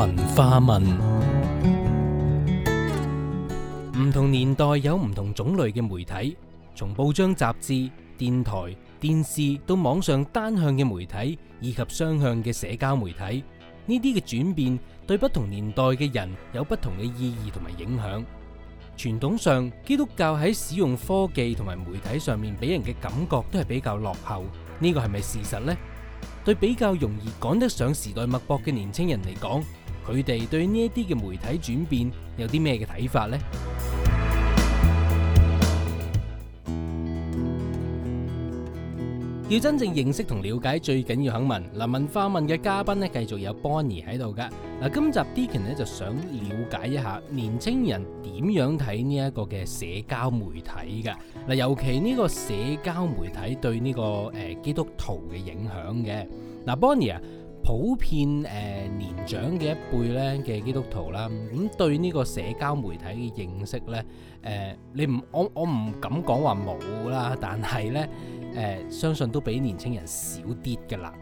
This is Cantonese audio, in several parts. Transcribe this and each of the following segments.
文化問唔同年代有唔同種類嘅媒體，從報章、雜誌、電台、電視到網上單向嘅媒體以及雙向嘅社交媒體，呢啲嘅轉變對不同年代嘅人有不同嘅意義同埋影響。傳統上，基督教喺使用科技同埋媒體上面俾人嘅感覺都係比較落後，呢個係咪事實呢？對比較容易趕得上時代脈搏嘅年青人嚟講。佢哋對呢一啲嘅媒體轉變有啲咩嘅睇法呢？要真正認識同了解，最緊要肯問。嗱，文化問嘅嘉賓咧，繼續有 Bonnie 喺度噶。嗱，今集 Deakin 咧就想了解一下年青人點樣睇呢一個嘅社交媒體噶。嗱，尤其呢個社交媒體對呢、這個誒、呃、基督徒嘅影響嘅。嗱，Bonnie 啊。普遍誒年長嘅一輩咧嘅基督徒啦，咁對呢個社交媒體嘅認識咧，誒你唔我我唔敢講話冇啦，但係咧誒相信都比年青人少啲噶啦。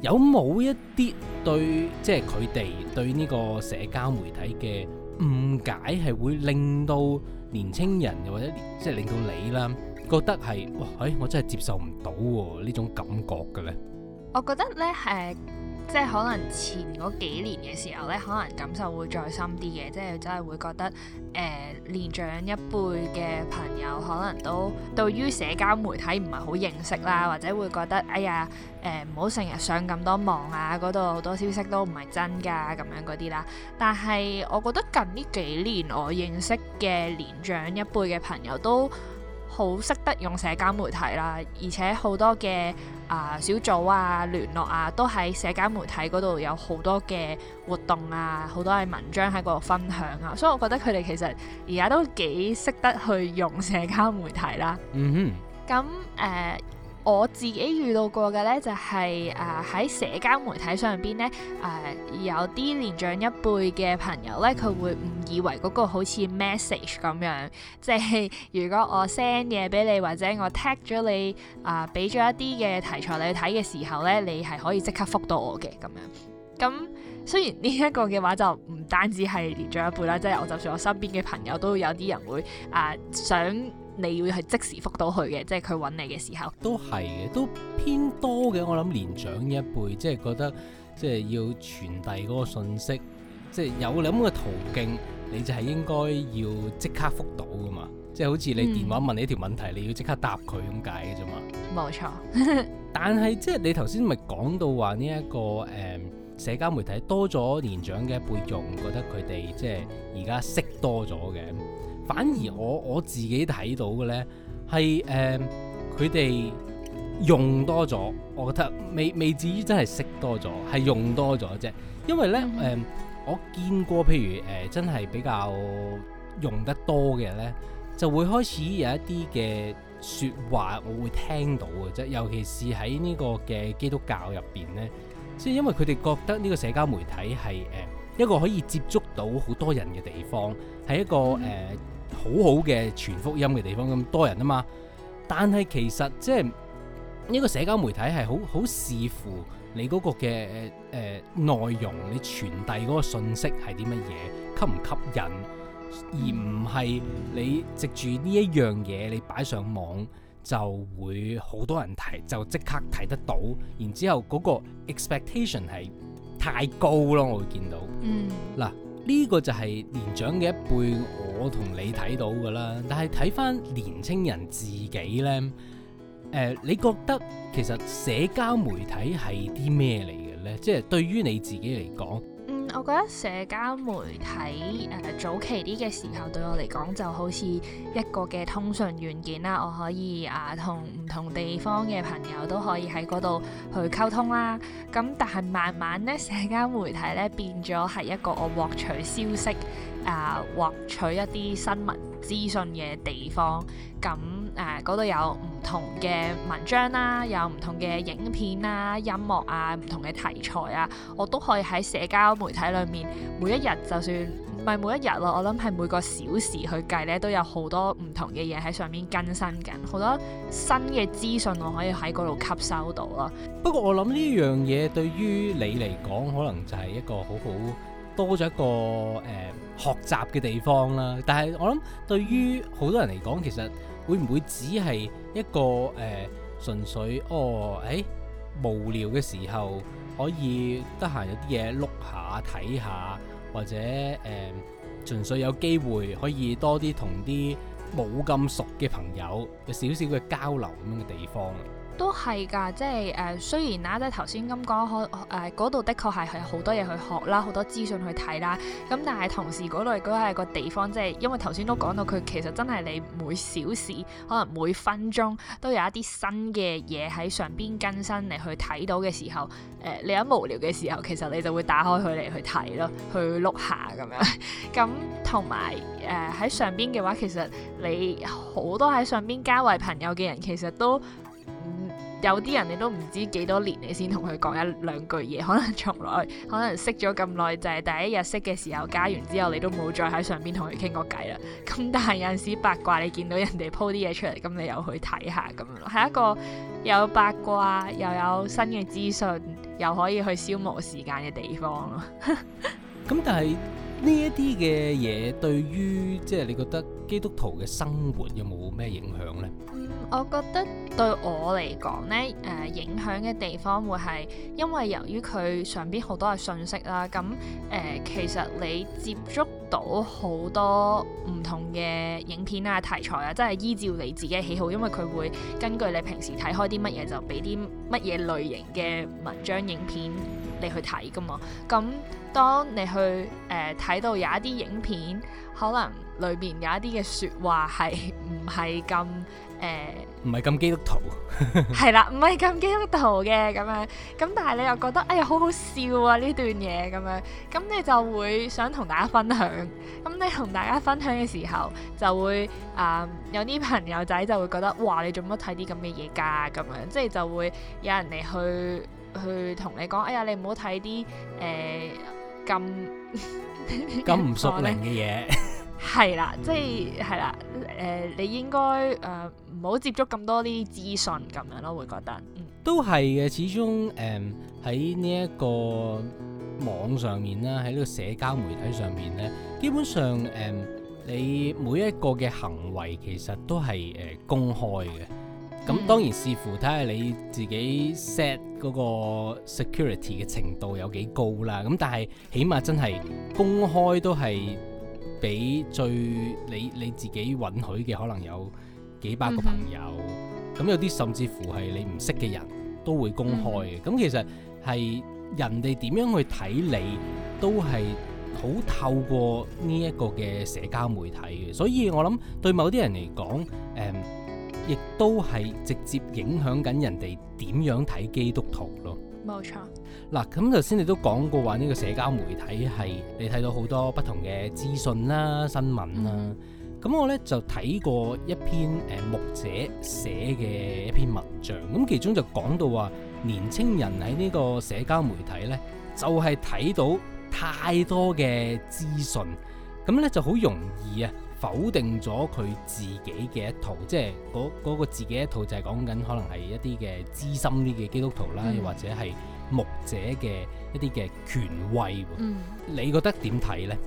有冇一啲對即係佢哋對呢個社交媒體嘅誤解係會令到年青人或者即係令到你啦，覺得係哇誒，我真係接受唔到呢種感覺嘅咧？我覺得咧係。即係可能前嗰幾年嘅時候呢，可能感受會再深啲嘅，即係真係會覺得誒、呃、年長一輩嘅朋友可能都對於社交媒體唔係好認識啦，或者會覺得哎呀誒唔好成日上咁多網啊，嗰度好多消息都唔係真㗎咁、啊、樣嗰啲啦。但係我覺得近呢幾年我認識嘅年長一輩嘅朋友都好識得用社交媒體啦，而且好多嘅啊、呃、小組啊聯絡啊，都喺社交媒體嗰度有好多嘅活動啊，好多嘅文章喺嗰度分享啊，所以我覺得佢哋其實而家都幾識得去用社交媒體啦。嗯哼、mm，咁、hmm. 誒。Uh, 我自己遇到過嘅咧、就是，就係誒喺社交媒體上邊咧，誒、呃、有啲年長一輩嘅朋友咧，佢會誤以為嗰個好似 message 咁樣，即係如果我 send 嘢俾你或者我 tag 咗你啊，俾、呃、咗一啲嘅題材你睇嘅時候咧，你係可以即刻覆到我嘅咁樣。咁雖然呢一個嘅話就唔單止係年長一輩啦，即係我就算我身邊嘅朋友都有啲人會啊、呃、想。你要係即時覆到佢嘅，即係佢揾你嘅時候。都係嘅，都偏多嘅。我諗年長一輩，即係覺得即係要傳遞嗰個信息，即係有諗嘅途徑，你就係應該要即刻覆到㗎嘛。即係好似你電話問你一條問題，嗯、你要即刻答佢噉解嘅啫嘛。冇沒錯。 但係即係你頭先咪講到話呢一個誒、嗯、社交媒體多咗年長嘅一輩用，覺得佢哋即係而家識多咗嘅。反而我我自己睇到嘅呢，係誒佢哋用多咗，我覺得未未至於真係識多咗，係用多咗啫。因為呢，誒、呃，我見過譬如誒、呃、真係比較用得多嘅呢，就會開始有一啲嘅説話，我會聽到嘅啫。尤其是喺呢個嘅基督教入邊呢。即係因為佢哋覺得呢個社交媒體係誒、呃、一個可以接觸到好多人嘅地方，係一個誒。呃好好嘅傳福音嘅地方咁多人啊嘛，但係其實即係呢個社交媒體係好好視乎你嗰個嘅誒、呃、內容，你傳遞嗰個信息係啲乜嘢，吸唔吸引，而唔係你藉住呢一樣嘢你擺上網就會好多人睇，就即刻睇得到，然之後嗰個 expectation 係太高咯，我會見到。嗯，嗱呢個就係年長嘅一輩。.我同你睇到噶啦，但係睇翻年青人自己咧，誒，你覺得其實社交媒體係啲咩嚟嘅咧？即係對於你自己嚟講。我覺得社交媒體誒、呃、早期啲嘅時候對我嚟講就好似一個嘅通訊軟件啦，我可以啊同唔同地方嘅朋友都可以喺嗰度去溝通啦。咁但係慢慢咧，社交媒體咧變咗係一個我獲取消息啊、呃、獲取一啲新聞資訊嘅地方。咁誒嗰度有唔同嘅文章啦，有唔同嘅影片啦，音樂啊、唔同嘅題材啊，我都可以喺社交媒。喺裏面，每一日就算唔係每一日咯，我諗係每個小時去計咧，都有好多唔同嘅嘢喺上面更新緊，好多新嘅資訊我可以喺嗰度吸收到咯。不過我諗呢樣嘢對於你嚟講，可能就係一個好好多咗一個誒、呃、學習嘅地方啦。但係我諗對於好多人嚟講，其實會唔會只係一個誒、呃、純粹哦？誒、哎？無聊嘅時候，可以得閒有啲嘢碌下睇下，或者誒、呃，純粹有機會可以多啲同啲冇咁熟嘅朋友有少少嘅交流咁樣嘅地方。都係㗎，即係誒、呃。雖然啦，即係頭先咁講，可誒嗰度的確係係好多嘢去學啦，好多資訊去睇啦。咁但係同時嗰度都係個地方，即係因為頭先都講到，佢其實真係你每小時可能每分鐘都有一啲新嘅嘢喺上邊更新嚟去睇到嘅時候，誒、呃、你一無聊嘅時候，其實你就會打開佢嚟去睇咯，去碌下咁樣。 咁同埋誒喺上邊嘅話，其實你好多喺上邊加為朋友嘅人，其實都～有啲人你都唔知幾多年，你先同佢講一兩句嘢，可能從來，可能識咗咁耐就係第一日識嘅時候加完之後，你都冇再喺上邊同佢傾過偈啦。咁但係有陣時八卦，你見到人哋鋪啲嘢出嚟，咁你又去睇下咁咯，係一個有八卦又有新嘅資訊，又可以去消磨時間嘅地方咯。咁 但係。呢一啲嘅嘢，對於即係你覺得基督徒嘅生活有冇咩影響呢？我覺得對我嚟講呢，誒、呃、影響嘅地方會係因為由於佢上邊好多嘅信息啦、啊，咁、呃、誒其實你接觸到好多唔同嘅影片啊、題材啊，即係依照你自己嘅喜好，因為佢會根據你平時睇開啲乜嘢，就俾啲乜嘢類型嘅文章、影片。你去睇噶嘛？咁當你去誒睇、呃、到有一啲影片，可能裏邊有一啲嘅說話係唔係咁誒，唔係咁基督徒，係 啦，唔係咁基督徒嘅咁樣。咁但係你又覺得哎呀好好笑啊呢段嘢咁樣，咁你就會想同大家分享。咁你同大家分享嘅時候，就會啊、呃、有啲朋友仔就會覺得哇你做乜睇啲咁嘅嘢噶咁樣，即係、就是、就會有人嚟去。去同你講，哎呀，你唔好睇啲誒咁咁唔熟靈嘅嘢。係啦， 即係係啦，誒，你應該誒唔好接觸咁多啲資訊咁樣咯，會覺得，嗯，都係嘅，始終誒喺呢一個網上面啦，喺呢個社交媒體上面咧，基本上誒、嗯、你每一個嘅行為其實都係誒、嗯、公開嘅。咁、嗯、當然視乎睇下你自己 set 嗰個 security 嘅程度有幾高啦。咁但係起碼真係公開都係畀最你你自己允許嘅可能有幾百個朋友。咁、嗯、哼有啲甚至乎係你唔識嘅人都會公開嘅。咁、嗯、其實係人哋點樣去睇你都係好透過呢一個嘅社交媒體嘅。所以我諗對某啲人嚟講，誒、嗯。亦都係直接影響緊人哋點樣睇基督徒咯，冇錯錯。嗱、啊，咁頭先你都講過話呢個社交媒體係你睇到好多不同嘅資訊啦、新聞啦、啊。咁、嗯、我呢就睇過一篇誒牧者寫嘅一篇文章，咁其中就講到話，年青人喺呢個社交媒體呢，就係、是、睇到太多嘅資訊，咁呢就好容易啊。否定咗佢自己嘅一套，即係嗰嗰個自己一套就係講緊可能係一啲嘅資深啲嘅基督徒啦，又、嗯、或者係牧者嘅一啲嘅權威。嗯，你覺得點睇咧？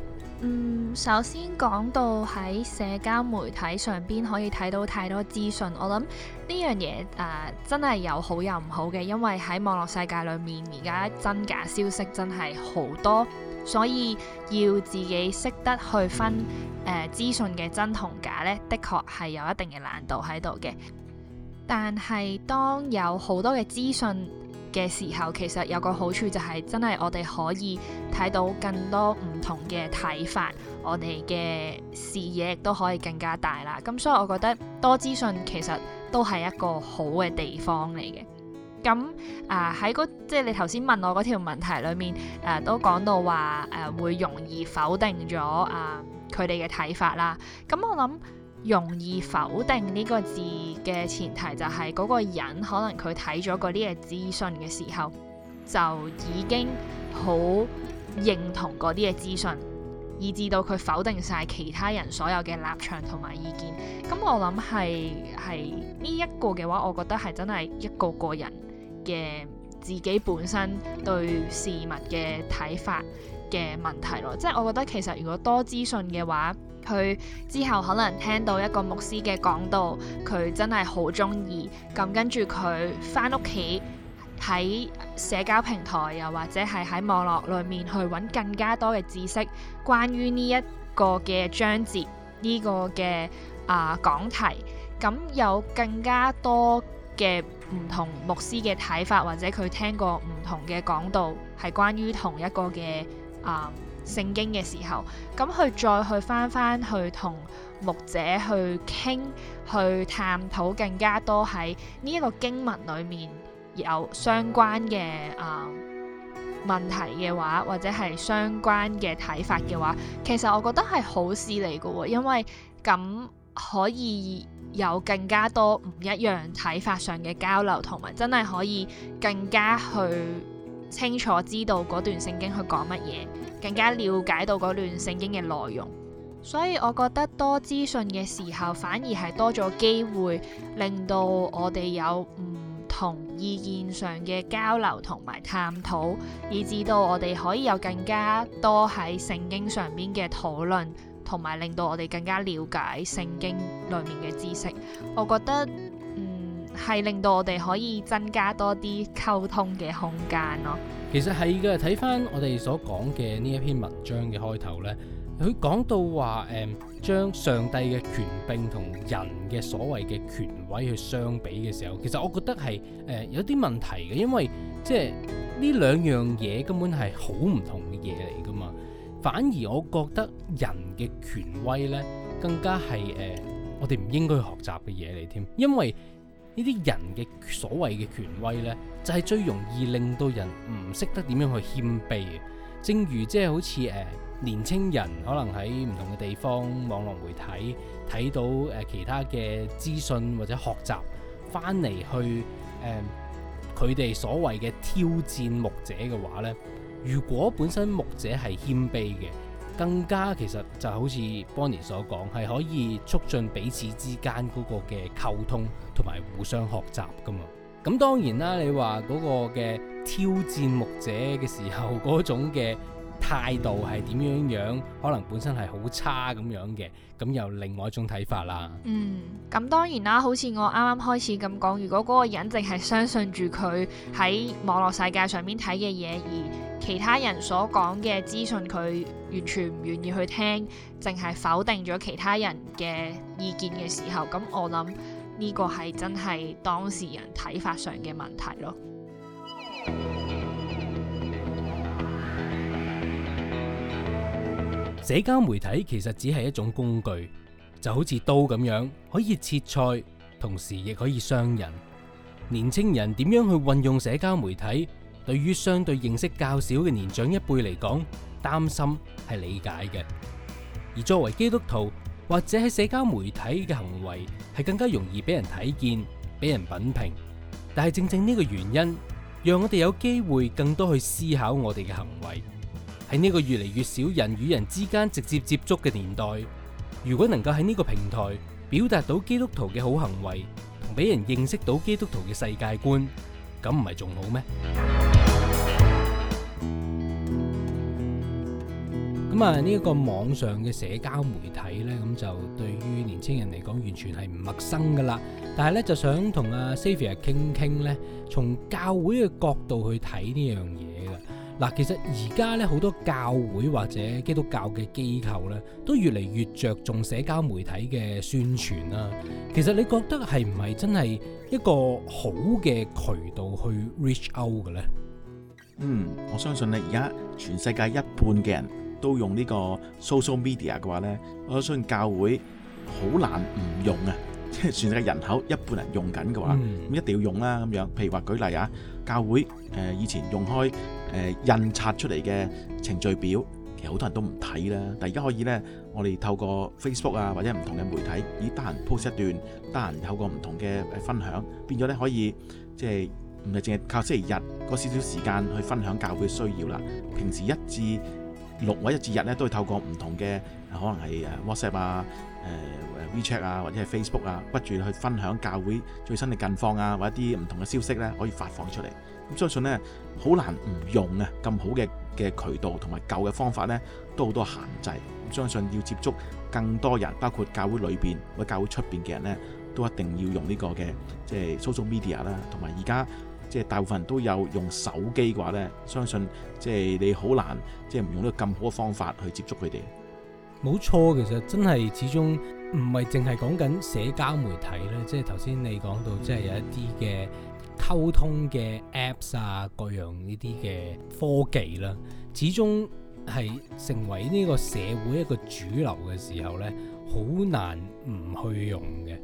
嗯，首先講到喺社交媒體上邊可以睇到太多資訊，我諗呢樣嘢誒真係有好有唔好嘅，因為喺網絡世界裏面而家真假消息真係好多。所以要自己識得去分誒、呃、資訊嘅真同假呢，的確係有一定嘅難度喺度嘅。但係當有好多嘅資訊嘅時候，其實有個好處就係真係我哋可以睇到更多唔同嘅睇法，我哋嘅視野亦都可以更加大啦。咁所以我覺得多資訊其實都係一個好嘅地方嚟嘅。咁啊喺嗰即係你頭先問我嗰條問題裏面，誒、呃、都講到話誒、呃、會容易否定咗啊佢哋嘅睇法啦。咁我諗容易否定呢個字嘅前提就係、是、嗰、那個人可能佢睇咗嗰啲嘅資訊嘅時候，就已經好認同嗰啲嘅資訊，以至到佢否定晒其他人所有嘅立場同埋意見。咁我諗係係呢一個嘅話，我覺得係真係一個個人。嘅自己本身對事物嘅睇法嘅問題咯，即係我覺得其實如果多資訊嘅話，佢之後可能聽到一個牧師嘅講道，佢真係好中意，咁跟住佢翻屋企喺社交平台又或者係喺網絡裏面去揾更加多嘅知識關於呢一個嘅章節呢，這個嘅啊、呃、講題，咁有更加多。嘅唔同牧師嘅睇法，或者佢聽過唔同嘅講道，係關於同一個嘅啊、呃、聖經嘅時候，咁佢再去返返去同牧者去傾，去探討更加多喺呢一個經文裏面有相關嘅啊、呃、問題嘅話，或者係相關嘅睇法嘅話，其實我覺得係好事嚟噶，因為咁可以。有更加多唔一樣睇法上嘅交流，同埋真係可以更加去清楚知道嗰段聖經去講乜嘢，更加了解到嗰段聖經嘅內容。所以，我覺得多資訊嘅時候，反而係多咗機會，令到我哋有唔同意見上嘅交流同埋探討，以至到我哋可以有更加多喺聖經上邊嘅討論。同埋令到我哋更加了解聖經裏面嘅知識，我覺得嗯係令到我哋可以增加多啲溝通嘅空間咯。其實，係嘅，睇翻我哋所講嘅呢一篇文章嘅開頭咧，佢講到話誒將上帝嘅權柄同人嘅所謂嘅權位去相比嘅時候，其實我覺得係誒、呃、有啲問題嘅，因為即係呢兩樣嘢根本係好唔同嘅嘢嚟噶嘛。反而我覺得人嘅權威呢，更加係誒、呃、我哋唔應該學習嘅嘢嚟添，因為呢啲人嘅所謂嘅權威呢，就係、是、最容易令到人唔識得點樣去謙卑嘅。正如即係好似誒、呃、年青人，可能喺唔同嘅地方網絡媒體睇到誒、呃、其他嘅資訊或者學習，翻嚟去佢哋、呃、所謂嘅挑戰牧者嘅話呢。如果本身牧者係謙卑嘅，更加其實就好似 Bonnie 所講，係可以促進彼此之間嗰個嘅溝通同埋互相學習噶嘛。咁當然啦，你話嗰個嘅挑戰牧者嘅時候嗰種嘅。態度係點樣樣？可能本身係好差咁樣嘅，咁又有另外一種睇法啦。嗯，咁當然啦，好似我啱啱開始咁講，如果嗰個人淨係相信住佢喺網絡世界上面睇嘅嘢，而其他人所講嘅資訊佢完全唔願意去聽，淨係否定咗其他人嘅意見嘅時候，咁我諗呢個係真係當事人睇法上嘅問題咯。社交媒體其實只係一種工具，就好似刀咁樣，可以切菜，同時亦可以傷人。年青人點樣去運用社交媒體，對於相對認識較少嘅年長一輩嚟講，擔心係理解嘅。而作為基督徒或者喺社交媒體嘅行為，係更加容易俾人睇見、俾人品評。但係正正呢個原因，讓我哋有機會更多去思考我哋嘅行為。喺呢個越嚟越少人與人之間直接接觸嘅年代，如果能夠喺呢個平台表達到基督徒嘅好行為，同俾人認識到基督徒嘅世界觀，咁唔係仲好咩？咁啊，呢一個網上嘅社交媒體咧，咁就對於年青人嚟講完全係唔陌生噶啦。但係咧，就想同阿 Xavier 傾傾咧，從教會嘅角度去睇呢樣嘢。嗱，其實而家咧好多教會或者基督教嘅機構咧，都越嚟越着重社交媒體嘅宣傳啦、啊。其實你覺得係唔係真係一個好嘅渠道去 reach out 嘅咧？嗯，我相信咧，而家全世界一半嘅人都用個呢個 social media 嘅話咧，我相信教會好難唔用啊！即 係全世界人口一半人用緊嘅話，咁、嗯、一定要用啦。咁樣，譬如話舉例啊，教會誒以前用開。印刷出嚟嘅程序表，其實好多人都唔睇啦。但而家可以呢，我哋透過 Facebook 啊，或者唔同嘅媒體，而得閒 po s 出一段，得閒透過唔同嘅分享，變咗呢可以即係唔係淨係靠星期日個少少時間去分享教會嘅需要啦。平時一至六位一至日呢，都係透過唔同嘅。可能係誒 WhatsApp 啊、誒、呃、WeChat 啊，或者係 Facebook 啊，不斷去分享教會最新嘅近況啊，或者啲唔同嘅消息咧，可以發放出嚟。咁相信咧，好難唔用啊。咁好嘅嘅渠道同埋舊嘅方法咧，都好多限制。相信要接觸更多人，包括教會裏邊或教會出邊嘅人咧，都一定要用呢個嘅即係 social media 啦，同埋而家即係大部分人都有用手機嘅話咧，相信即係你好難即係唔用呢個咁好嘅方法去接觸佢哋。冇錯，其實真係始終唔係淨係講緊社交媒體咧，即係頭先你講到，即係有一啲嘅溝通嘅 Apps 啊，各樣呢啲嘅科技啦，始終係成為呢個社會一個主流嘅時候呢，好難唔去用嘅。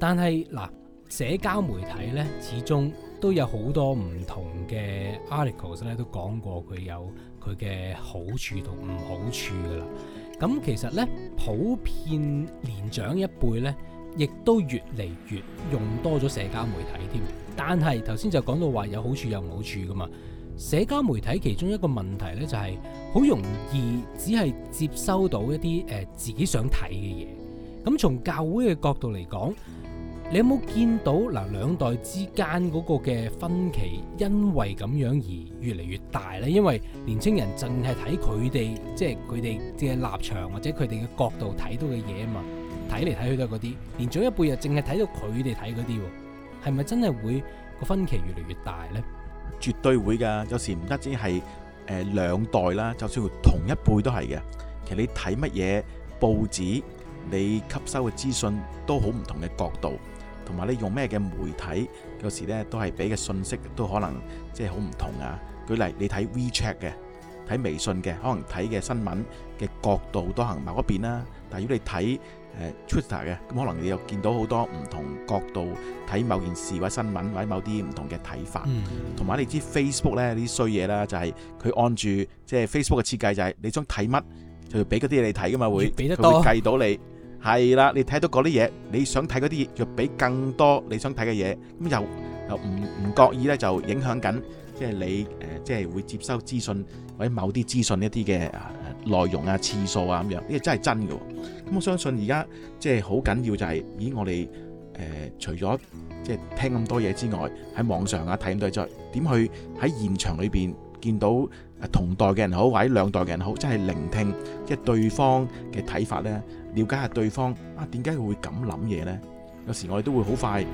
但係嗱，社交媒體呢，始終都有好多唔同嘅 articles 咧，都講過佢有佢嘅好處同唔好處㗎喇。咁其實呢，普遍年長一輩呢，亦都越嚟越用多咗社交媒體添。但係頭先就講到話有好處有唔好處㗎嘛。社交媒體其中一個問題呢，就係、是、好容易只係接收到一啲誒、呃、自己想睇嘅嘢。咁從教會嘅角度嚟講，你有冇見到嗱，兩代之間嗰個嘅分歧，因為咁樣而越嚟越大呢？因為年青人淨係睇佢哋，即係佢哋淨係立場或者佢哋嘅角度睇到嘅嘢嘛，睇嚟睇去都係嗰啲。連早一輩又淨係睇到佢哋睇嗰啲喎，係咪真係會個分歧越嚟越大呢？絕對會㗎，有時唔單止係誒兩代啦，就算同一輩都係嘅。其實你睇乜嘢報紙，你吸收嘅資訊都好唔同嘅角度，同埋你用咩嘅媒體，有時咧都係俾嘅信息都可能即係好唔同啊。舉例，你睇 WeChat 嘅，睇微信嘅，可能睇嘅新聞嘅角度都行某一邊啦。但係如果你睇誒、呃、Twitter 嘅，咁可能你又見到好多唔同角度睇某件事，或者新聞或者某啲唔同嘅睇法。同埋、嗯、你知 Facebook 咧啲衰嘢啦、就係，就係、係、佢按住即係 Facebook 嘅設計、就係，就係你想睇乜，就俾嗰啲嘢你睇噶嘛會，俾得多計到你。係啦，你睇到嗰啲嘢，你想睇嗰啲嘢，要俾更多你想睇嘅嘢，咁又又唔唔覺意咧，就影響緊，即係你誒、呃，即係會接收資訊或者某啲資訊一啲嘅啊內容啊次數啊咁樣，呢個真係真㗎。咁、嗯、我相信而家即係好緊要就係，咦，我哋誒、呃、除咗即係聽咁多嘢之外，喺網上啊睇咁多，再點去喺現場裏邊見到啊同代嘅人好，或者兩代嘅人好，真係聆聽即係對方嘅睇法咧。了解下對方啊，點解會咁諗嘢呢？有時我哋都會好快，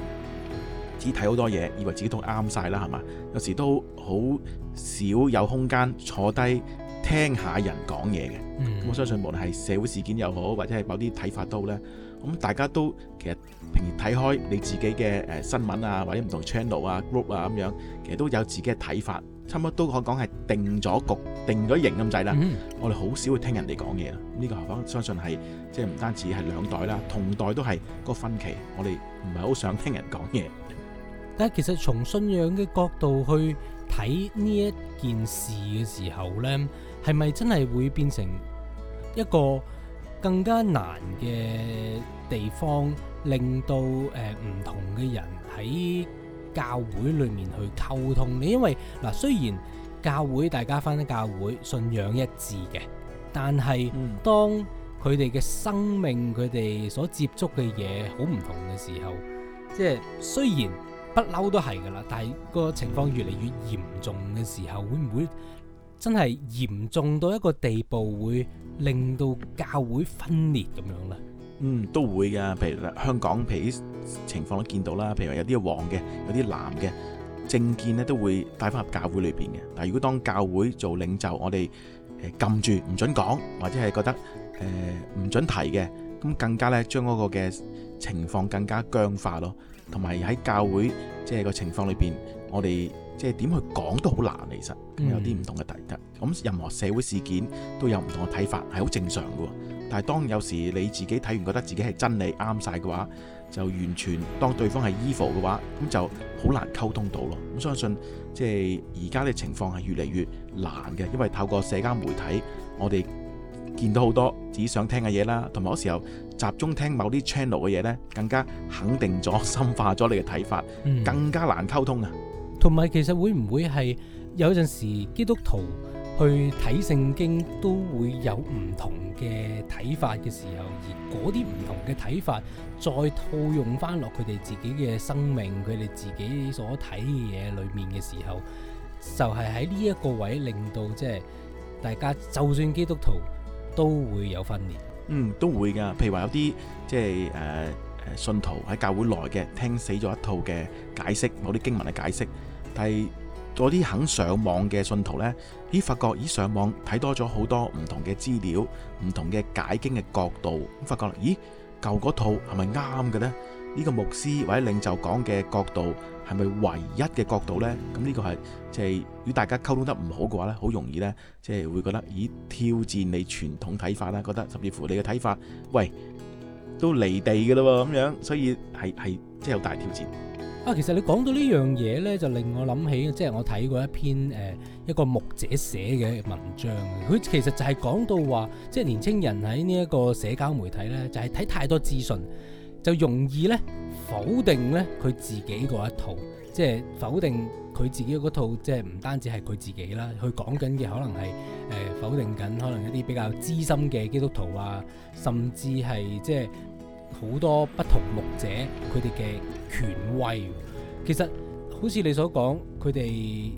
只睇好多嘢，以為自己都啱晒啦，係嘛？有時都好少有空間坐低。聽下人講嘢嘅，咁我相信無論係社會事件又好，或者係某啲睇法都好啦，咁大家都其實平時睇開你自己嘅，誒新聞啊，或者唔同 channel 啊、group 啊咁樣，其實都有自己嘅睇法，差唔多都可講係定咗局、定咗型咁滯啦。我哋好少會聽人哋講嘢啦，呢個我相信係即係唔單止係兩代啦，同代都係個分歧。我哋唔係好想聽人講嘢。但係其實從信仰嘅角度去睇呢一件事嘅時候呢。係咪真係會變成一個更加難嘅地方，令到誒唔、呃、同嘅人喺教會裡面去溝通你？你因為嗱、啊，雖然教會大家返咗教會，信仰一致嘅，但係當佢哋嘅生命、佢哋所接觸嘅嘢好唔同嘅時候，嗯、即係雖然不嬲都係噶啦，但係個情況越嚟越嚴重嘅時候，會唔會？真係嚴重到一個地步，會令到教會分裂咁樣咧。嗯，都會㗎。譬如香港譬如情況都見到啦。譬如有啲黃嘅，有啲藍嘅政見咧，都會帶翻入教會裏邊嘅。但如果當教會做領袖，我哋誒撳住唔准講，或者係覺得誒唔、呃、准提嘅，咁更加呢，將嗰個嘅情況更加僵化咯。同埋喺教會即係個情況裏邊，我哋。即係點去講都好難，其實有啲唔同嘅睇法。咁、嗯、任何社會事件都有唔同嘅睇法，係好正常嘅。但係當有時你自己睇完覺得自己係真理啱晒嘅話，就完全當對方係 evil 嘅話，咁就好難溝通到咯。我相信即係而家嘅情況係越嚟越難嘅，因為透過社交媒體，我哋見到好多自己想聽嘅嘢啦，同埋嗰時候集中聽某啲 channel 嘅嘢呢，更加肯定咗、深化咗你嘅睇法，嗯、更加難溝通啊！同埋，其實會唔會係有陣時基督徒去睇聖經都會有唔同嘅睇法嘅時候，而嗰啲唔同嘅睇法再套用翻落佢哋自己嘅生命、佢哋自己所睇嘅嘢裏面嘅時候，就係喺呢一個位令到即係大家就算基督徒都會有分裂。嗯，都會㗎。譬如話有啲即係誒誒信徒喺教會內嘅聽死咗一套嘅解釋，某啲經文嘅解釋。但係嗰啲肯上網嘅信徒呢，咦？發覺咦？上網睇多咗好多唔同嘅資料，唔同嘅解經嘅角度，咁發覺咦？舊嗰套係咪啱嘅呢？呢個牧師或者領袖講嘅角度係咪唯一嘅角度呢？咁呢個係即係如果大家溝通得唔好嘅話呢，好容易呢，即係會覺得咦？挑戰你傳統睇法啦，覺得甚至乎你嘅睇法，喂，都離地嘅嘞喎，咁樣，所以係係即係有大挑戰。啊，其實你講到呢樣嘢呢，就令我諗起，即係我睇過一篇誒、呃、一個牧者寫嘅文章，佢其實就係講到話，即係年青人喺呢一個社交媒體呢，就係、是、睇太多資訊，就容易呢否定呢佢自己嗰一套，即係否定佢自己嗰套，即係唔單止係佢自己啦，佢講緊嘅可能係誒、呃、否定緊可能一啲比較資深嘅基督徒啊，甚至係即係。好多不同牧者，佢哋嘅權威，其實好似你所講，佢哋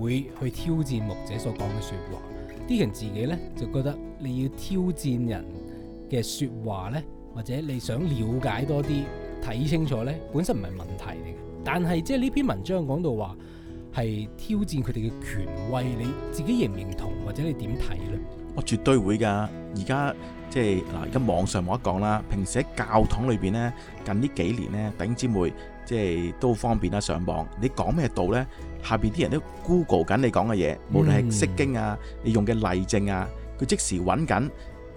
會去挑戰牧者所講嘅說話。啲人自己咧就覺得你要挑戰人嘅說話咧，或者你想了解多啲睇清楚咧，本身唔係問題嚟嘅。但係即係呢篇文章講到話。係挑戰佢哋嘅權威，你自己認唔認同，或者你點睇咧？我絕對會㗎。而家即係嗱，而家網上冇得講啦。平時喺教堂裏邊咧，近呢幾年咧，弟兄姊妹即係都方便啦上網。你講咩道咧？下邊啲人都 Google 緊你講嘅嘢，無論係釋經啊，你用嘅例證啊，佢即時揾緊。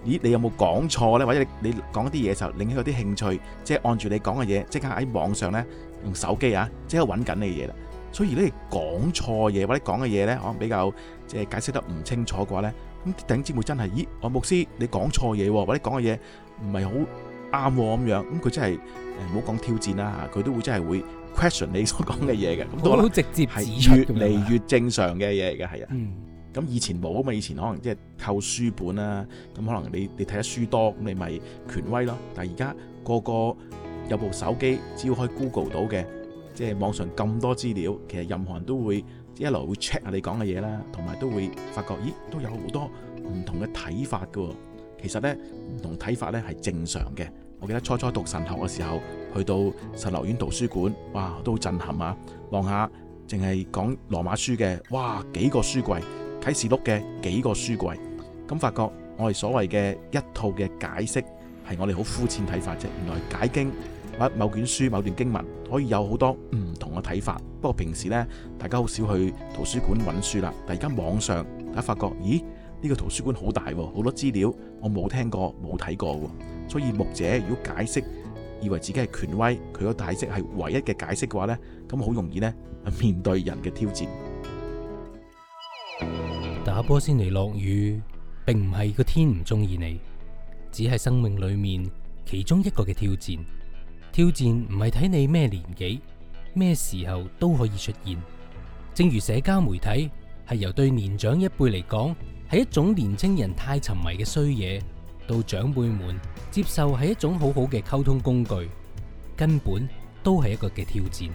咦？你有冇講錯咧？或者你講啲嘢時候，令佢有啲興趣，即係按住你講嘅嘢，即刻喺網上咧，用手機啊，即刻揾緊你嘅嘢啦。所以咧講錯嘢，或者講嘅嘢咧，可能比較即係解釋得唔清楚嘅話咧，咁頂姊妹真係，咦，我牧師你講錯嘢，或者講嘅嘢唔係好啱咁樣，咁佢真係唔好講挑戰啦吓，佢都會真係會 question 你所講嘅嘢嘅，咁都係好直接指出嚟，越嚟越正常嘅嘢嚟嘅係啊，咁以前冇啊嘛，以前可能即係靠書本啦，咁可能你你睇得書多，咁你咪權威咯，但係而家個個有部手機，只要可以 Google 到嘅。即係網上咁多資料，其實任何人都會一來會 check 下你講嘅嘢啦，同埋都會發覺，咦，都有好多唔同嘅睇法噶。其實呢，唔同睇法呢係正常嘅。我記得初初讀神學嘅時候，去到神學院圖書館，哇，都震撼啊！望下淨係講羅馬書嘅，哇，幾個書櫃，啟示錄嘅幾個書櫃，咁發覺我哋所謂嘅一套嘅解釋係我哋好膚淺睇法啫。原來解經。某卷書、某段經文可以有好多唔同嘅睇法。不過平時呢，大家好少去圖書館揾書啦。大家網上一發覺，咦，呢個圖書館好大，好多資料，我冇聽過，冇睇過。所以牧者如果解釋，以為自己係權威，佢個解釋係唯一嘅解釋嘅話呢，咁好容易呢，面對人嘅挑戰。打波先嚟落雨，並唔係個天唔中意你，只係生命裏面其中一個嘅挑戰。挑戰唔係睇你咩年紀，咩時候都可以出現。正如社交媒體係由對年長一輩嚟講，係一種年青人太沉迷嘅衰嘢，到長輩們接受係一種好好嘅溝通工具，根本都係一個嘅挑戰。